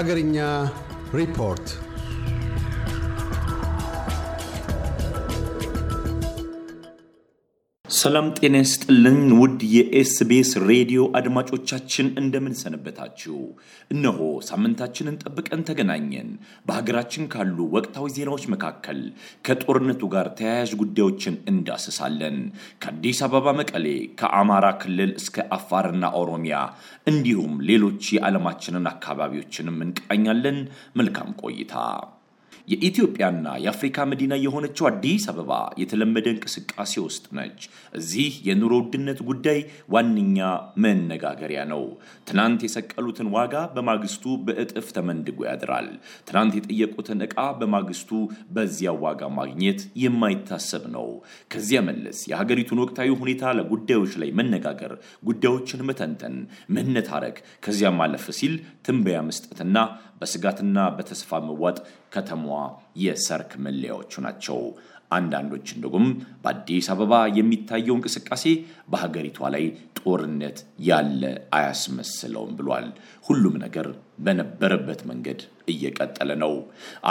Hagarinya Report ሰላም ጤና ይስጥልን ውድ የኤስቤስ ሬዲዮ አድማጮቻችን እንደምን ሰነበታችሁ? እነሆ ሳምንታችንን ጠብቀን ተገናኘን። በሀገራችን ካሉ ወቅታዊ ዜናዎች መካከል ከጦርነቱ ጋር ተያያዥ ጉዳዮችን እንዳስሳለን። ከአዲስ አበባ መቀሌ፣ ከአማራ ክልል እስከ አፋርና ኦሮሚያ እንዲሁም ሌሎች የዓለማችንን አካባቢዎችንም እንቃኛለን። መልካም ቆይታ የኢትዮጵያና የአፍሪካ መዲና የሆነችው አዲስ አበባ የተለመደ እንቅስቃሴ ውስጥ ነች። እዚህ የኑሮ ውድነት ጉዳይ ዋነኛ መነጋገሪያ ነው። ትናንት የሰቀሉትን ዋጋ በማግስቱ በእጥፍ ተመንድጎ ያድራል። ትናንት የጠየቁትን ዕቃ በማግስቱ በዚያ ዋጋ ማግኘት የማይታሰብ ነው። ከዚያ መለስ የሀገሪቱን ወቅታዊ ሁኔታ ለጉዳዮች ላይ መነጋገር፣ ጉዳዮችን መተንተን፣ መነታረክ ከዚያ ማለፍ ሲል ትንበያ መስጠትና በስጋትና በተስፋ መወጥ ከተማዋ የሰርክ መለያዎቹ ናቸው። አንዳንዶች እንደጉም በአዲስ አበባ የሚታየው እንቅስቃሴ በሀገሪቷ ላይ ጦርነት ያለ አያስመስለውም ብሏል። ሁሉም ነገር በነበረበት መንገድ እየቀጠለ ነው።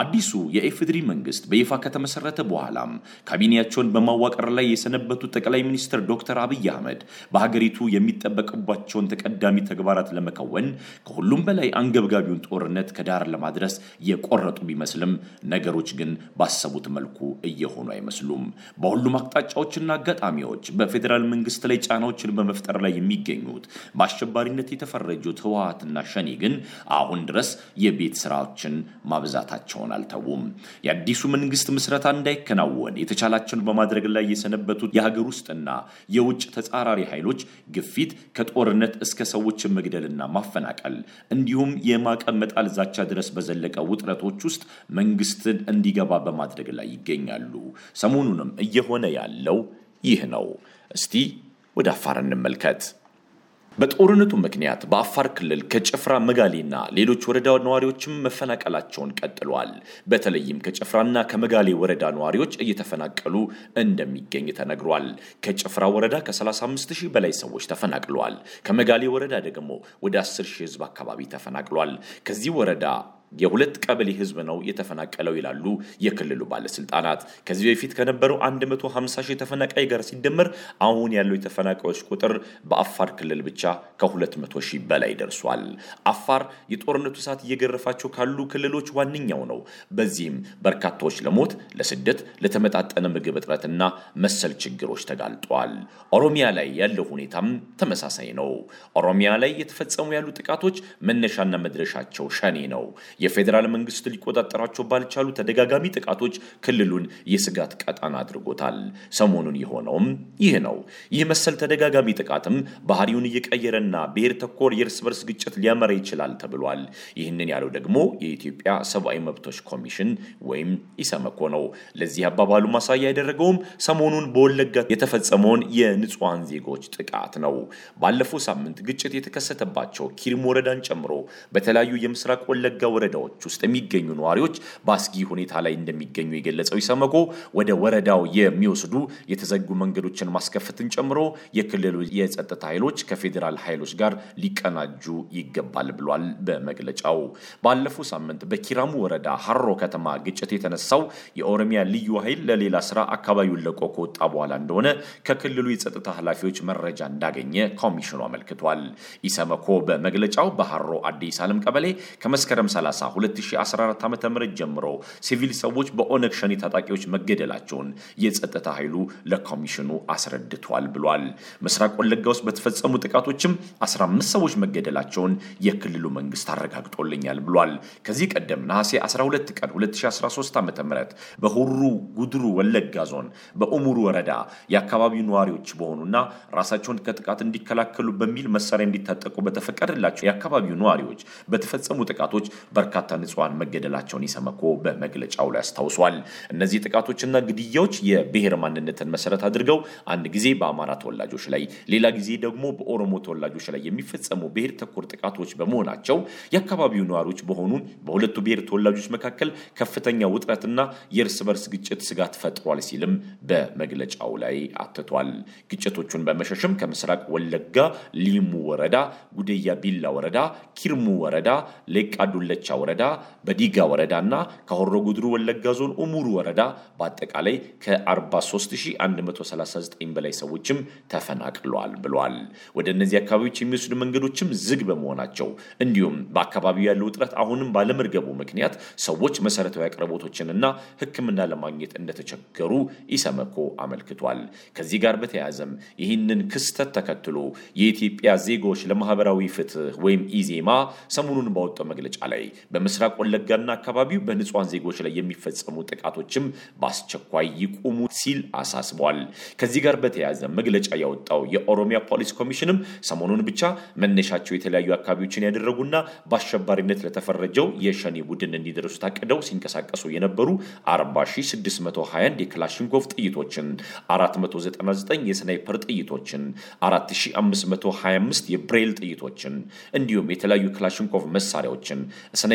አዲሱ የኢፌዴሪ መንግስት በይፋ ከተመሰረተ በኋላም ካቢኔያቸውን በማዋቀር ላይ የሰነበቱት ጠቅላይ ሚኒስትር ዶክተር አብይ አህመድ በሀገሪቱ የሚጠበቅባቸውን ተቀዳሚ ተግባራት ለመከወን ከሁሉም በላይ አንገብጋቢውን ጦርነት ከዳር ለማድረስ የቆረጡ ቢመስልም ነገሮች ግን ባሰቡት መልኩ እየሆኑ አይመስሉም። በሁሉም አቅጣጫዎችና አጋጣሚዎች በፌዴራል መንግስት ላይ ጫናዎችን በመፍጠር ላይ የሚገኙት በአሸባሪነት የተፈረጁት ህወሀትና ሸኔ ግን አሁን ድረስ የቤት ስራዎችን ማብዛታቸውን አልተዉም። የአዲሱ መንግስት ምስረታ እንዳይከናወን የተቻላቸውን በማድረግ ላይ የሰነበቱት የሀገር ውስጥና የውጭ ተጻራሪ ኃይሎች ግፊት ከጦርነት እስከ ሰዎች መግደልና ማፈናቀል እንዲሁም የማዕቀብ መጣል ዛቻ ድረስ በዘለቀ ውጥረቶች ውስጥ መንግስትን እንዲገባ በማድረግ ላይ ይገኛሉ። ሰሞኑንም እየሆነ ያለው ይህ ነው። እስቲ ወደ አፋር እንመልከት። በጦርነቱ ምክንያት በአፋር ክልል ከጭፍራ መጋሌና ሌሎች ወረዳ ነዋሪዎችም መፈናቀላቸውን ቀጥለዋል። በተለይም ከጭፍራና ከመጋሌ ወረዳ ነዋሪዎች እየተፈናቀሉ እንደሚገኝ ተነግሯል። ከጭፍራ ወረዳ ከ35 ሺህ በላይ ሰዎች ተፈናቅለዋል። ከመጋሌ ወረዳ ደግሞ ወደ 10 ሺህ ህዝብ አካባቢ ተፈናቅሏል። ከዚህ ወረዳ የሁለት ቀበሌ ህዝብ ነው የተፈናቀለው ይላሉ የክልሉ ባለስልጣናት። ከዚህ በፊት ከነበረው 150 ሺህ ተፈናቃይ ጋር ሲደመር አሁን ያለው የተፈናቃዮች ቁጥር በአፋር ክልል ብቻ ከ200 ሺህ በላይ ደርሷል። አፋር የጦርነቱ ሰዓት እየገረፋቸው ካሉ ክልሎች ዋነኛው ነው። በዚህም በርካታዎች ለሞት፣ ለስደት፣ ለተመጣጠነ ምግብ እጥረትና መሰል ችግሮች ተጋልጧል። ኦሮሚያ ላይ ያለው ሁኔታም ተመሳሳይ ነው። ኦሮሚያ ላይ የተፈጸሙ ያሉ ጥቃቶች መነሻና መድረሻቸው ሸኔ ነው። የፌዴራል መንግስት ሊቆጣጠራቸው ባልቻሉ ተደጋጋሚ ጥቃቶች ክልሉን የስጋት ቀጣና አድርጎታል። ሰሞኑን የሆነውም ይህ ነው። ይህ መሰል ተደጋጋሚ ጥቃትም ባህሪውን እየቀየረና ብሔር ተኮር የእርስ በርስ ግጭት ሊያመራ ይችላል ተብሏል። ይህንን ያለው ደግሞ የኢትዮጵያ ሰብአዊ መብቶች ኮሚሽን ወይም ኢሰመኮ ነው። ለዚህ አባባሉ ማሳያ ያደረገውም ሰሞኑን በወለጋ የተፈጸመውን የንጹሐን ዜጎች ጥቃት ነው። ባለፈው ሳምንት ግጭት የተከሰተባቸው ኪሪም ወረዳን ጨምሮ በተለያዩ የምስራቅ ወለጋ ወረዳ ወረዳዎች ውስጥ የሚገኙ ነዋሪዎች በአስጊ ሁኔታ ላይ እንደሚገኙ የገለጸው ኢሰመኮ ወደ ወረዳው የሚወስዱ የተዘጉ መንገዶችን ማስከፈትን ጨምሮ የክልሉ የጸጥታ ኃይሎች ከፌዴራል ኃይሎች ጋር ሊቀናጁ ይገባል ብሏል። በመግለጫው ባለፈው ሳምንት በኪራሙ ወረዳ ሀሮ ከተማ ግጭት የተነሳው የኦሮሚያ ልዩ ኃይል ለሌላ ስራ አካባቢውን ለቆ ከወጣ በኋላ እንደሆነ ከክልሉ የጸጥታ ኃላፊዎች መረጃ እንዳገኘ ኮሚሽኑ አመልክቷል። ኢሰመኮ በመግለጫው በሀሮ አዲስ አለም ቀበሌ ከመስከረም 30 30 2014 ዓ ም ጀምሮ ሲቪል ሰዎች በኦነግ ሸኔ ታጣቂዎች መገደላቸውን የጸጥታ ኃይሉ ለኮሚሽኑ አስረድቷል ብሏል። ምስራቅ ወለጋ ውስጥ በተፈጸሙ ጥቃቶችም 15 ሰዎች መገደላቸውን የክልሉ መንግስት አረጋግጦልኛል ብሏል። ከዚህ ቀደም ነሐሴ 12 ቀን 2013 ዓ ም በሁሩ ጉድሩ ወለጋ ዞን በኡሙሩ ወረዳ የአካባቢው ነዋሪዎች በሆኑና ራሳቸውን ከጥቃት እንዲከላከሉ በሚል መሳሪያ እንዲታጠቁ በተፈቀደላቸው የአካባቢው ነዋሪዎች በተፈጸሙ ጥቃቶች በርካታ ንጹሐን መገደላቸውን ኢሰመኮ በመግለጫው ላይ አስታውሷል። እነዚህ ጥቃቶችና ግድያዎች የብሔር ማንነትን መሰረት አድርገው አንድ ጊዜ በአማራ ተወላጆች ላይ፣ ሌላ ጊዜ ደግሞ በኦሮሞ ተወላጆች ላይ የሚፈጸሙ ብሔር ተኮር ጥቃቶች በመሆናቸው የአካባቢው ነዋሪዎች በሆኑ በሁለቱ ብሔር ተወላጆች መካከል ከፍተኛ ውጥረትና የእርስ በርስ ግጭት ስጋት ፈጥሯል ሲልም በመግለጫው ላይ አትቷል። ግጭቶቹን በመሸሽም ከምስራቅ ወለጋ ሊሙ ወረዳ፣ ጉደያ ቢላ ወረዳ፣ ኪርሙ ወረዳ፣ ሌቃ ዱለቻ ወረዳ፣ በዲጋ ወረዳና ከሆሮ ጉድሩ ወለጋ ዞን ኡሙሩ ወረዳ በአጠቃላይ ከ43139 በላይ ሰዎችም ተፈናቅለዋል ብሏል። ወደ እነዚህ አካባቢዎች የሚወስዱ መንገዶችም ዝግ በመሆናቸው እንዲሁም በአካባቢው ያለው ውጥረት አሁንም ባለመርገቡ ምክንያት ሰዎች መሰረታዊ አቅርቦቶችንና ሕክምና ለማግኘት እንደተቸገሩ ኢሰመኮ አመልክቷል። ከዚህ ጋር በተያያዘም ይህንን ክስተት ተከትሎ የኢትዮጵያ ዜጎች ለማህበራዊ ፍትህ ወይም ኢዜማ ሰሞኑን ባወጣው መግለጫ ላይ በምስራቅ ወለጋና አካባቢው በንጹሐን ዜጎች ላይ የሚፈጸሙ ጥቃቶችም በአስቸኳይ ይቁሙ ሲል አሳስቧል። ከዚህ ጋር በተያያዘ መግለጫ ያወጣው የኦሮሚያ ፖሊስ ኮሚሽንም ሰሞኑን ብቻ መነሻቸው የተለያዩ አካባቢዎችን ያደረጉና በአሸባሪነት ለተፈረጀው የሸኔ ቡድን እንዲደርሱ ታቅደው ሲንቀሳቀሱ የነበሩ 40621 የክላሽንኮቭ ጥይቶችን፣ 499 የስናይፐር ጥይቶችን፣ 4525 የብሬል ጥይቶችን እንዲሁም የተለያዩ ክላሽንኮቭ መሳሪያዎችን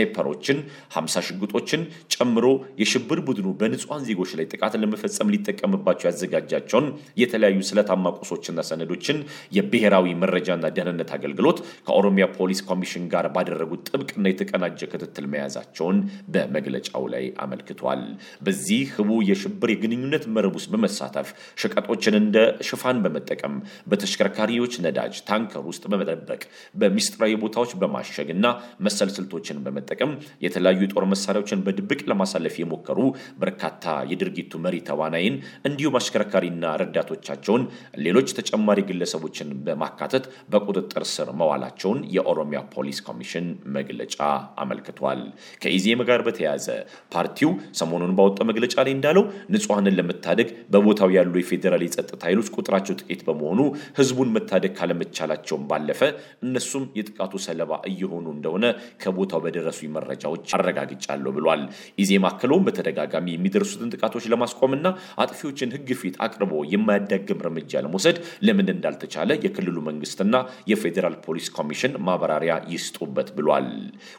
ስናይፐሮችን፣ 50 ሽጉጦችን ጨምሮ የሽብር ቡድኑ በንጹሐን ዜጎች ላይ ጥቃት ለመፈጸም ሊጠቀምባቸው ያዘጋጃቸውን የተለያዩ ስለታማ ቁሶችና ሰነዶችን የብሔራዊ መረጃና ደህንነት አገልግሎት ከኦሮሚያ ፖሊስ ኮሚሽን ጋር ባደረጉት ጥብቅና የተቀናጀ ክትትል መያዛቸውን በመግለጫው ላይ አመልክቷል። በዚህ ህቡ የሽብር የግንኙነት መረብ ውስጥ በመሳተፍ ሸቀጦችን እንደ ሽፋን በመጠቀም በተሽከርካሪዎች ነዳጅ ታንከር ውስጥ በመጠበቅ በሚስጥራዊ ቦታዎች በማሸግ እና መሰል ስልቶችን በመ በመጠቀም የተለያዩ የጦር መሳሪያዎችን በድብቅ ለማሳለፍ የሞከሩ በርካታ የድርጊቱ መሪ ተዋናይን እንዲሁም አሽከርካሪና ረዳቶቻቸውን ሌሎች ተጨማሪ ግለሰቦችን በማካተት በቁጥጥር ስር መዋላቸውን የኦሮሚያ ፖሊስ ኮሚሽን መግለጫ አመልክቷል። ከኢዜም ጋር በተያያዘ ፓርቲው ሰሞኑን ባወጣው መግለጫ ላይ እንዳለው ንጹሐንን ለመታደግ በቦታው ያሉ የፌዴራል የጸጥታ ኃይሎች ቁጥራቸው ጥቂት በመሆኑ ህዝቡን መታደግ ካለመቻላቸውን ባለፈ እነሱም የጥቃቱ ሰለባ እየሆኑ እንደሆነ ከቦታው በደረሱ እንደደረሱኝ መረጃዎች አረጋግጫለሁ ብሏል። ኢዜማ አክለውም በተደጋጋሚ የሚደርሱትን ጥቃቶች ለማስቆምና አጥፊዎችን ሕግ ፊት አቅርቦ የማያዳግም እርምጃ ለመውሰድ ለምን እንዳልተቻለ የክልሉ መንግስትና የፌዴራል ፖሊስ ኮሚሽን ማብራሪያ ይስጡበት ብሏል።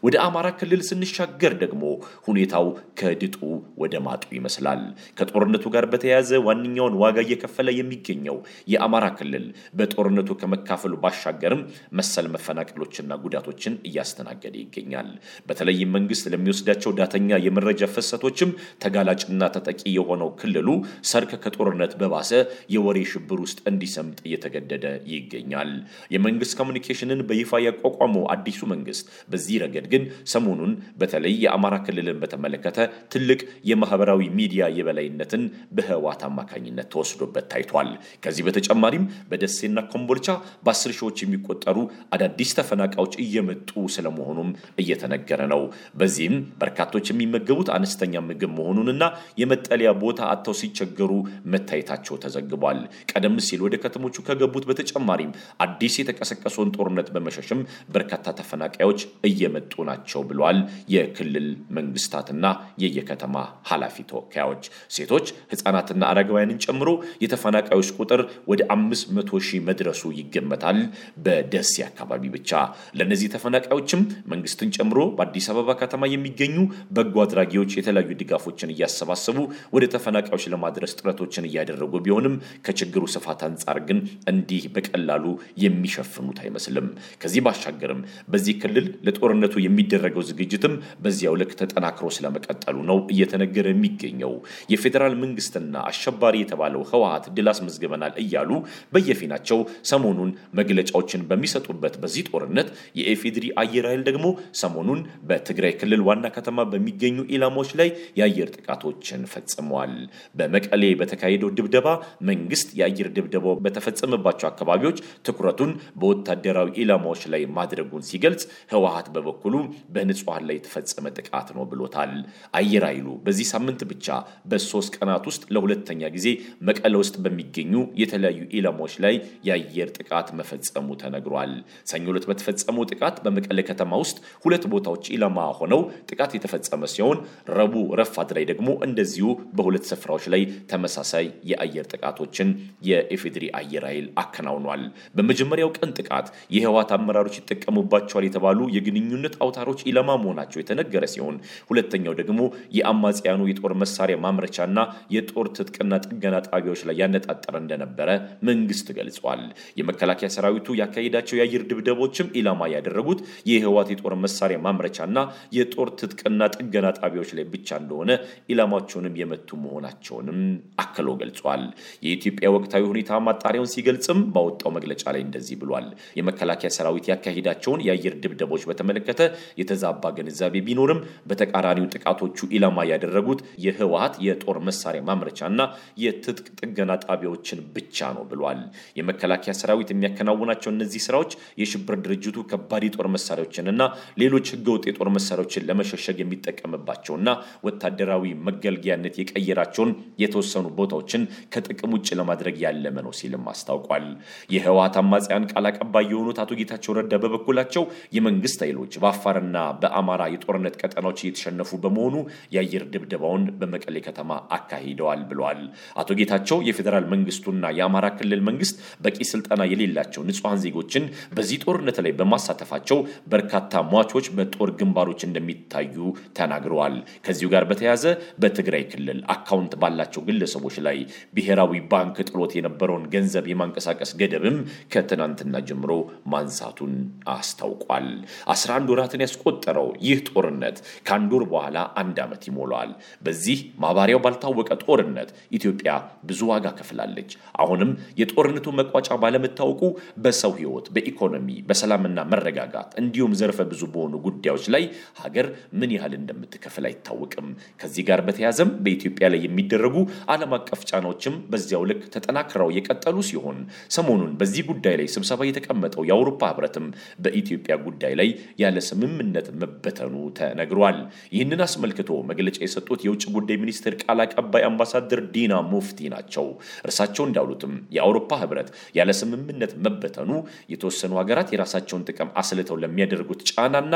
ወደ አማራ ክልል ስንሻገር ደግሞ ሁኔታው ከድጡ ወደ ማጡ ይመስላል። ከጦርነቱ ጋር በተያያዘ ዋነኛውን ዋጋ እየከፈለ የሚገኘው የአማራ ክልል በጦርነቱ ከመካፈሉ ባሻገርም መሰል መፈናቀሎችና ጉዳቶችን እያስተናገደ ይገኛል። በተለይም መንግስት ለሚወስዳቸው ዳተኛ የመረጃ ፍሰቶችም ተጋላጭና ተጠቂ የሆነው ክልሉ ሰርክ ከጦርነት በባሰ የወሬ ሽብር ውስጥ እንዲሰምጥ እየተገደደ ይገኛል። የመንግስት ኮሚኒኬሽንን በይፋ ያቋቋመው አዲሱ መንግስት በዚህ ረገድ ግን ሰሞኑን በተለይ የአማራ ክልልን በተመለከተ ትልቅ የማህበራዊ ሚዲያ የበላይነትን በህዋት አማካኝነት ተወስዶበት ታይቷል። ከዚህ በተጨማሪም በደሴና ኮምቦልቻ በአስር ሺዎች የሚቆጠሩ አዳዲስ ተፈናቃዮች እየመጡ ስለመሆኑም እየተነገረ እየተነገረ ነው። በዚህም በርካቶች የሚመገቡት አነስተኛ ምግብ መሆኑንና የመጠለያ ቦታ አጥተው ሲቸገሩ መታየታቸው ተዘግቧል። ቀደም ሲል ወደ ከተሞቹ ከገቡት በተጨማሪም አዲስ የተቀሰቀሰውን ጦርነት በመሸሽም በርካታ ተፈናቃዮች እየመጡ ናቸው ብሏል። የክልል መንግስታትና የየከተማ ኃላፊ ተወካዮች ሴቶች፣ ህጻናትና አረጋውያንን ጨምሮ የተፈናቃዮች ቁጥር ወደ አምስት መቶ ሺህ መድረሱ ይገመታል። በደሴ አካባቢ ብቻ ለእነዚህ ተፈናቃዮችም መንግስትን ጨምሮ በአዲስ አበባ ከተማ የሚገኙ በጎ አድራጊዎች የተለያዩ ድጋፎችን እያሰባሰቡ ወደ ተፈናቃዮች ለማድረስ ጥረቶችን እያደረጉ ቢሆንም ከችግሩ ስፋት አንጻር ግን እንዲህ በቀላሉ የሚሸፍኑት አይመስልም። ከዚህ ባሻገርም በዚህ ክልል ለጦርነቱ የሚደረገው ዝግጅትም በዚያው ልክ ተጠናክሮ ስለመቀጠሉ ነው እየተነገረ የሚገኘው። የፌዴራል መንግስትና አሸባሪ የተባለው ህወሀት ድል አስመዝግበናል እያሉ በየፊናቸው ሰሞኑን መግለጫዎችን በሚሰጡበት በዚህ ጦርነት የኢፌዴሪ አየር ኃይል ደግሞ ሰሞኑን በትግራይ ክልል ዋና ከተማ በሚገኙ ኢላማዎች ላይ የአየር ጥቃቶችን ፈጽመዋል። በመቀሌ በተካሄደው ድብደባ መንግስት የአየር ድብደባው በተፈጸመባቸው አካባቢዎች ትኩረቱን በወታደራዊ ኢላማዎች ላይ ማድረጉን ሲገልጽ፣ ህወሀት በበኩሉ በንጹሐን ላይ የተፈጸመ ጥቃት ነው ብሎታል። አየር ኃይሉ በዚህ ሳምንት ብቻ በሶስት ቀናት ውስጥ ለሁለተኛ ጊዜ መቀሌ ውስጥ በሚገኙ የተለያዩ ኢላማዎች ላይ የአየር ጥቃት መፈጸሙ ተነግሯል። ሰኞ ዕለት በተፈጸመው ጥቃት በመቀሌ ከተማ ውስጥ ሁለት ቦታዎች ኢላማ ሆነው ጥቃት የተፈጸመ ሲሆን ረቡ ረፋድ ላይ ደግሞ እንደዚሁ በሁለት ስፍራዎች ላይ ተመሳሳይ የአየር ጥቃቶችን የኢፌድሪ አየር ኃይል አከናውኗል። በመጀመሪያው ቀን ጥቃት የህወሓት አመራሮች ይጠቀሙባቸዋል የተባሉ የግንኙነት አውታሮች ኢላማ መሆናቸው የተነገረ ሲሆን ሁለተኛው ደግሞ የአማጽያኑ የጦር መሳሪያ ማምረቻና የጦር ትጥቅና ጥገና ጣቢያዎች ላይ ያነጣጠረ እንደነበረ መንግስት ገልጿል። የመከላከያ ሰራዊቱ ያካሄዳቸው የአየር ድብደቦችም ኢላማ ያደረጉት የህወሓት የጦር መሳሪያ ማምረቻ ና የጦር ትጥቅና ጥገና ጣቢያዎች ላይ ብቻ እንደሆነ ኢላማቸውንም የመቱ መሆናቸውንም አክሎ ገልጿል። የኢትዮጵያ ወቅታዊ ሁኔታ ማጣሪያውን ሲገልጽም ባወጣው መግለጫ ላይ እንደዚህ ብሏል። የመከላከያ ሰራዊት ያካሄዳቸውን የአየር ድብደቦች በተመለከተ የተዛባ ግንዛቤ ቢኖርም በተቃራኒው ጥቃቶቹ ኢላማ ያደረጉት የህወሀት የጦር መሳሪያ ማምረቻና የትጥቅ ጥገና ጣቢያዎችን ብቻ ነው ብሏል። የመከላከያ ሰራዊት የሚያከናውናቸው እነዚህ ስራዎች የሽብር ድርጅቱ ከባድ የጦር መሳሪያዎችንና ሌሎች ህገ ህገወጥ የጦር መሳሪያዎችን ለመሸሸግ የሚጠቀምባቸውና ወታደራዊ መገልገያነት የቀየራቸውን የተወሰኑ ቦታዎችን ከጥቅም ውጭ ለማድረግ ያለመ ነው ሲልም አስታውቋል። የህወሀት አማጽያን ቃል አቀባይ የሆኑት አቶ ጌታቸው ረዳ በበኩላቸው የመንግስት ኃይሎች በአፋርና በአማራ የጦርነት ቀጠናዎች እየተሸነፉ በመሆኑ የአየር ድብደባውን በመቀሌ ከተማ አካሂደዋል ብለዋል። አቶ ጌታቸው የፌዴራል መንግስቱና የአማራ ክልል መንግስት በቂ ስልጠና የሌላቸው ንጹሐን ዜጎችን በዚህ ጦርነት ላይ በማሳተፋቸው በርካታ ሟቾች በጦር የጦር ግንባሮች እንደሚታዩ ተናግረዋል። ከዚሁ ጋር በተያያዘ በትግራይ ክልል አካውንት ባላቸው ግለሰቦች ላይ ብሔራዊ ባንክ ጥሎት የነበረውን ገንዘብ የማንቀሳቀስ ገደብም ከትናንትና ጀምሮ ማንሳቱን አስታውቋል። 11 ወራትን ያስቆጠረው ይህ ጦርነት ከአንድ ወር በኋላ አንድ ዓመት ይሞላል። በዚህ ማባሪያው ባልታወቀ ጦርነት ኢትዮጵያ ብዙ ዋጋ ከፍላለች። አሁንም የጦርነቱ መቋጫ ባለመታወቁ በሰው ሕይወት፣ በኢኮኖሚ፣ በሰላምና መረጋጋት እንዲሁም ዘርፈ ብዙ በሆኑ ጉዳዮች ጉዳዮች ላይ ሀገር ምን ያህል እንደምትከፍል አይታወቅም። ከዚህ ጋር በተያያዘም በኢትዮጵያ ላይ የሚደረጉ ዓለም አቀፍ ጫናዎችም በዚያው ልክ ተጠናክረው የቀጠሉ ሲሆን ሰሞኑን በዚህ ጉዳይ ላይ ስብሰባ የተቀመጠው የአውሮፓ ህብረትም በኢትዮጵያ ጉዳይ ላይ ያለ ስምምነት መበተኑ ተነግሯል። ይህንን አስመልክቶ መግለጫ የሰጡት የውጭ ጉዳይ ሚኒስትር ቃል አቀባይ አምባሳደር ዲና ሙፍቲ ናቸው። እርሳቸው እንዳሉትም የአውሮፓ ህብረት ያለ ስምምነት መበተኑ የተወሰኑ ሀገራት የራሳቸውን ጥቅም አስልተው ለሚያደርጉት ጫናና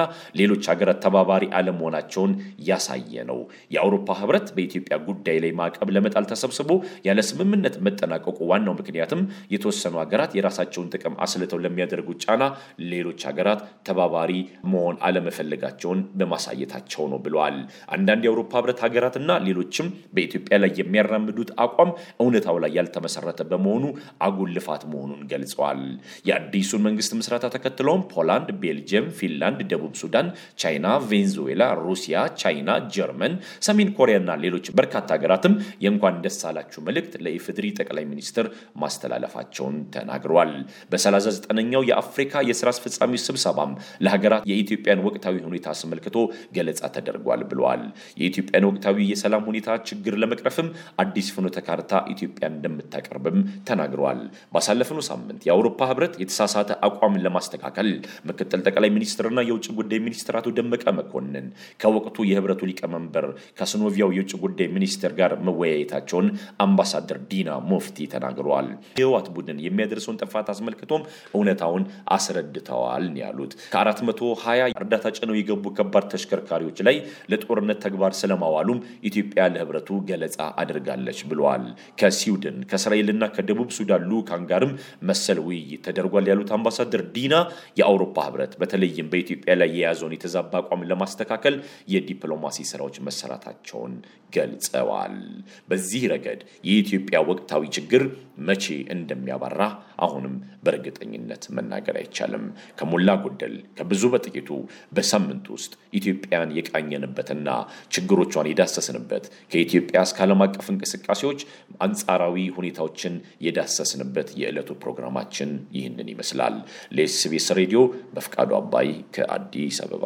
ሌሎች ሀገራት ተባባሪ አለመሆናቸውን ያሳየ ነው። የአውሮፓ ህብረት በኢትዮጵያ ጉዳይ ላይ ማዕቀብ ለመጣል ተሰብስቦ ያለ ስምምነት መጠናቀቁ ዋናው ምክንያትም የተወሰኑ ሀገራት የራሳቸውን ጥቅም አስልተው ለሚያደርጉት ጫና ሌሎች ሀገራት ተባባሪ መሆን አለመፈለጋቸውን በማሳየታቸው ነው ብለዋል። አንዳንድ የአውሮፓ ህብረት ሀገራትና ሌሎችም በኢትዮጵያ ላይ የሚያራምዱት አቋም እውነታው ላይ ያልተመሰረተ በመሆኑ አጉል ልፋት መሆኑን ገልጸዋል። የአዲሱን መንግስት ምስረታ ተከትለውም ፖላንድ፣ ቤልጅየም፣ ፊንላንድ፣ ደቡብ ሱዳን፣ ቻይና፣ ቬንዙዌላ፣ ሩሲያ፣ ቻይና፣ ጀርመን፣ ሰሜን ኮሪያና ሌሎች በርካታ ሀገራትም የእንኳን ደስ አላችሁ መልእክት ለኢፌዴሪ ጠቅላይ ሚኒስትር ማስተላለፋቸውን ተናግረዋል። በ39ኛው የአፍሪካ የስራ አስፈጻሚ ስብሰባም ለሀገራት የኢትዮጵያን ወቅታዊ ሁኔታ አስመልክቶ ገለጻ ተደርጓል ብለዋል። የኢትዮጵያን ወቅታዊ የሰላም ሁኔታ ችግር ለመቅረፍም አዲስ ፍኖተ ካርታ ኢትዮጵያ እንደምታቀርብም ተናግረዋል። ባሳለፍነው ሳምንት የአውሮፓ ህብረት የተሳሳተ አቋምን ለማስተካከል ምክትል ጠቅላይ ሚኒስትርና የውጭ ጉዳይ ሚኒስትር ሚኒስትራቱ ደመቀ መኮንን ከወቅቱ የህብረቱ ሊቀመንበር ከስኖቪያው የውጭ ጉዳይ ሚኒስቴር ጋር መወያየታቸውን አምባሳደር ዲና ሙፍቲ ተናግረዋል። የህወሓት ቡድን የሚያደርሰውን ጥፋት አስመልክቶም እውነታውን አስረድተዋል ያሉት ከ420 እርዳታ ጭነው የገቡ ከባድ ተሽከርካሪዎች ላይ ለጦርነት ተግባር ስለማዋሉም ኢትዮጵያ ለህብረቱ ገለጻ አድርጋለች ብለዋል። ከስዊድን ከእስራኤልና ከደቡብ ሱዳን ልዑካን ጋርም መሰል ውይይት ተደርጓል ያሉት አምባሳደር ዲና የአውሮፓ ህብረት በተለይም በኢትዮጵያ ላይ የያዘውን የተዛባ አቋም ለማስተካከል የዲፕሎማሲ ስራዎች መሰራታቸውን ገልጸዋል። በዚህ ረገድ የኢትዮጵያ ወቅታዊ ችግር መቼ እንደሚያባራ አሁንም በእርግጠኝነት መናገር አይቻልም። ከሞላ ጎደል ከብዙ በጥቂቱ በሳምንት ውስጥ ኢትዮጵያን የቃኘንበትና ችግሮቿን የዳሰስንበት ከኢትዮጵያ እስከ ዓለም አቀፍ እንቅስቃሴዎች አንጻራዊ ሁኔታዎችን የዳሰስንበት የዕለቱ ፕሮግራማችን ይህንን ይመስላል። ለኤስቢኤስ ሬዲዮ በፍቃዱ አባይ ከአዲስ አበባ